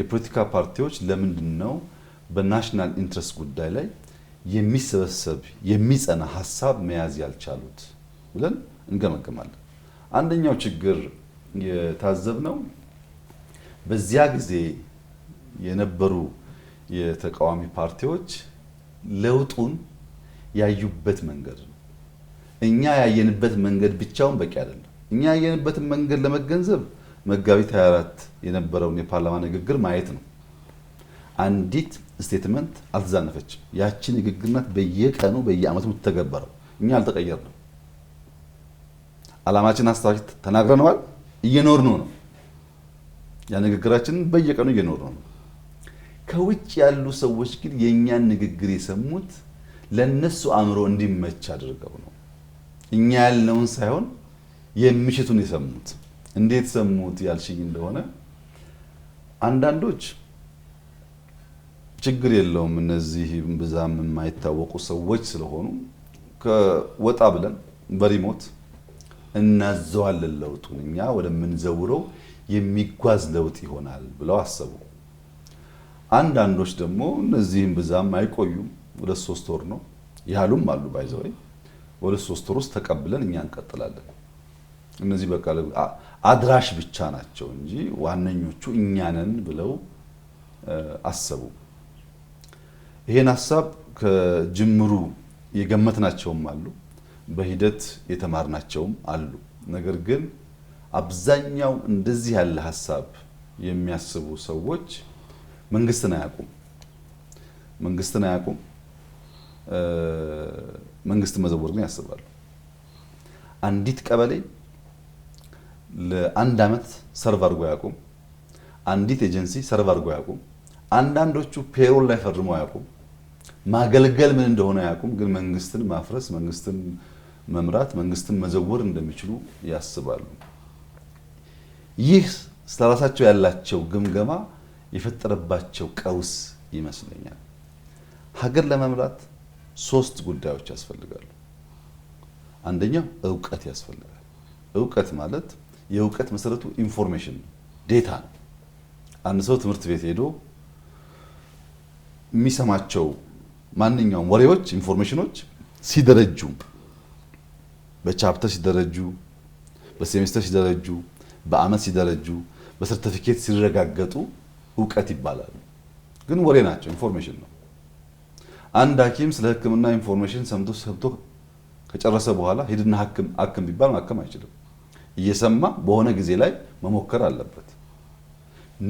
የፖለቲካ ፓርቲዎች ለምንድን ነው በናሽናል ኢንትረስት ጉዳይ ላይ የሚሰበሰብ የሚጸና ሀሳብ መያዝ ያልቻሉት ብለን እንገመገማለን። አንደኛው ችግር ነው በዚያ ጊዜ የነበሩ የተቃዋሚ ፓርቲዎች ለውጡን ያዩበት መንገድ ነው። እኛ ያየንበት መንገድ ብቻውን በቂ አይደለም። እኛ ያየንበትን መንገድ ለመገንዘብ መጋቢት 24 የነበረውን የፓርላማ ንግግር ማየት ነው። አንዲት ስቴትመንት አልተዛነፈችም። ያቺ ንግግር ናት በየቀኑ በየአመቱ የምትተገበረው። እኛ አልተቀየርንም። አላማችን አስተዋች ተናግረነዋል። እየኖርነው ነው። ያ ንግግራችን በየቀኑ እየኖርነው ነው። ከውጭ ያሉ ሰዎች ግን የእኛን ንግግር የሰሙት ለነሱ አእምሮ እንዲመች አድርገው ነው። እኛ ያልነውን ሳይሆን የምሽቱን የሰሙት እንዴት ሰሙት ያልሽኝ እንደሆነ አንዳንዶች ችግር የለውም እነዚህ ብዛም የማይታወቁ ሰዎች ስለሆኑ ከወጣ ብለን በሪሞት እናዘዋለን ለውጡን እኛ ወደምንዘውረው የሚጓዝ ለውጥ ይሆናል ብለው አሰቡ። አንዳንዶች ደግሞ እነዚህም ብዛም አይቆዩም፣ ወደ ሶስት ወር ነው ያሉም አሉ። ባይዘወይ ወደ ሶስት ወር ውስጥ ተቀብለን እኛ እንቀጥላለን። እነዚህ በቃ አድራሽ ብቻ ናቸው እንጂ ዋነኞቹ እኛንን ብለው አሰቡ። ይህን ሀሳብ ከጅምሩ የገመትናቸውም አሉ፣ በሂደት የተማርናቸውም አሉ። ነገር ግን አብዛኛው እንደዚህ ያለ ሀሳብ የሚያስቡ ሰዎች መንግስትን አያውቁም። መንግስትን አያውቁም። መንግስት መዘወር ግን ያስባሉ። አንዲት ቀበሌ ለአንድ ዓመት ሰርቭ አድርጎ አያውቁም። አንዲት ኤጀንሲ ሰርቭ አድርጎ አያውቁም። አንዳንዶቹ ፔሮል ላይ ፈርሞ አያውቁም። ማገልገል ምን እንደሆነ አያውቁም። ግን መንግስትን ማፍረስ፣ መንግስትን መምራት፣ መንግስትን መዘወር እንደሚችሉ ያስባሉ። ይህ ስለራሳቸው ያላቸው ግምገማ የፈጠረባቸው ቀውስ ይመስለኛል። ሀገር ለመምራት ሶስት ጉዳዮች ያስፈልጋሉ። አንደኛው እውቀት ያስፈልጋል። እውቀት ማለት የእውቀት መሰረቱ ኢንፎርሜሽን ነው፣ ዴታ ነው። አንድ ሰው ትምህርት ቤት ሄዶ የሚሰማቸው ማንኛውም ወሬዎች፣ ኢንፎርሜሽኖች ሲደረጁ፣ በቻፕተር ሲደረጁ፣ በሴሜስተር ሲደረጁ፣ በአመት ሲደረጁ፣ በሰርተፊኬት ሲረጋገጡ እውቀት ይባላሉ። ግን ወሬ ናቸው፣ ኢንፎርሜሽን ነው። አንድ ሐኪም ስለ ሕክምና ኢንፎርሜሽን ሰምቶ ሰምቶ ከጨረሰ በኋላ ሄድና ሐኪም ሐኪም ቢባል ማከም አይችልም። እየሰማ በሆነ ጊዜ ላይ መሞከር አለበት።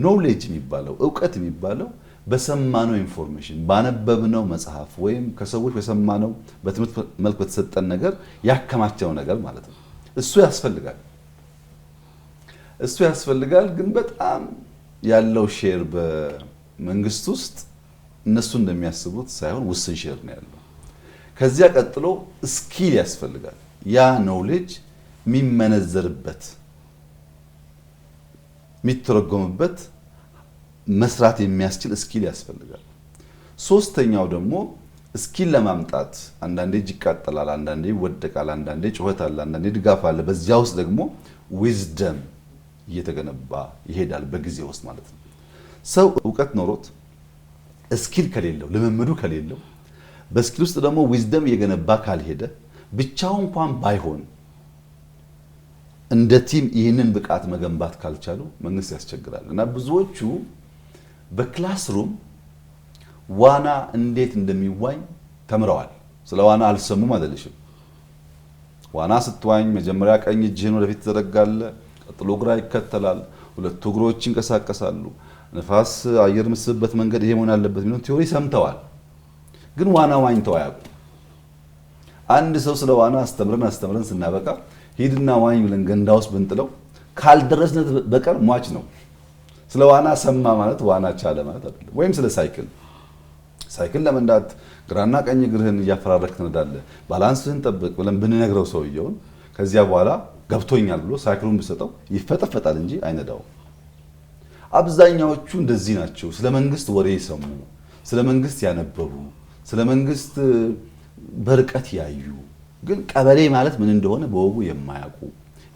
ኖውሌጅ የሚባለው እውቀት የሚባለው በሰማነው ኢንፎርሜሽን ባነበብነው መጽሐፍ ወይም ከሰዎች በሰማነው በትምህርት መልክ በተሰጠን ነገር ያከማቸው ነገር ማለት ነው። እሱ ያስፈልጋል እሱ ያስፈልጋል። ግን በጣም ያለው ሼር በመንግስት ውስጥ እነሱ እንደሚያስቡት ሳይሆን ውስን ሼር ነው ያለው። ከዚያ ቀጥሎ ስኪል ያስፈልጋል ያ ኖውሌጅ የሚመነዘርበት የሚተረጎምበት መስራት የሚያስችል እስኪል ያስፈልጋል። ሶስተኛው ደግሞ እስኪል ለማምጣት አንዳንዴ እጅ ይቃጠላል፣ አንዳንዴ ይወደቃል፣ አንዳንዴ ጩኸት አለ፣ አንዳንዴ ድጋፍ አለ። በዚያ ውስጥ ደግሞ ዊዝደም እየተገነባ ይሄዳል በጊዜ ውስጥ ማለት ነው። ሰው እውቀት ኖሮት እስኪል ከሌለው ልምምዱ ከሌለው በእስኪል ውስጥ ደግሞ ዊዝደም እየገነባ ካልሄደ ብቻው እንኳን ባይሆን እንደ ቲም ይህንን ብቃት መገንባት ካልቻሉ መንግስት ያስቸግራል እና ብዙዎቹ በክላስሩም ዋና እንዴት እንደሚዋኝ ተምረዋል። ስለ ዋና አልሰሙም አይደለሽም። ዋና ስትዋኝ መጀመሪያ ቀኝ እጅህን ወደፊት ትዘረጋለ፣ ቀጥሎ ግራ ይከተላል፣ ሁለቱ እግሮች ይንቀሳቀሳሉ፣ ንፋስ አየር ምስበት መንገድ ይሄ መሆን ያለበት የሚለውን ቲዮሪ ሰምተዋል። ግን ዋና ዋኝተው አያውቁም። አንድ ሰው ስለ ዋና አስተምረን አስተምረን ስናበቃ ሂድና ዋኝ ብለን ገንዳ ውስጥ ብንጥለው ካልደረስነት በቀር ሟች ነው። ስለ ዋና ሰማ ማለት ዋና ቻለ ማለት አይደለም። ወይም ስለ ሳይክል ሳይክል ለመንዳት ግራና ቀኝ እግርህን እያፈራረክ ትነዳለ፣ ባላንስህን ጠብቅ ብለን ብንነግረው ሰውየውን ከዚያ በኋላ ገብቶኛል ብሎ ሳይክሉን ብሰጠው ይፈጠፈጣል እንጂ አይነዳውም። አብዛኛዎቹ እንደዚህ ናቸው። ስለ መንግስት ወሬ የሰሙ ስለ መንግስት ያነበቡ ስለ መንግስት በርቀት ያዩ ግን ቀበሌ ማለት ምን እንደሆነ በወጉ የማያውቁ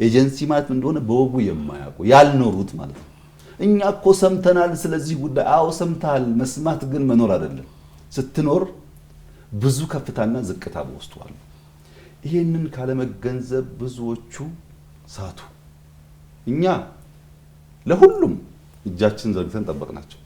ኤጀንሲ ማለት ምን እንደሆነ በወጉ የማያውቁ ያልኖሩት ማለት ነው። እኛ እኮ ሰምተናል ስለዚህ ጉዳይ። አዎ ሰምተሃል፣ መስማት ግን መኖር አይደለም። ስትኖር ብዙ ከፍታና ዝቅታ በውስጡ አሉ። ይህንን ካለመገንዘብ ብዙዎቹ ሳቱ። እኛ ለሁሉም እጃችን ዘርግተን ጠበቅናቸው።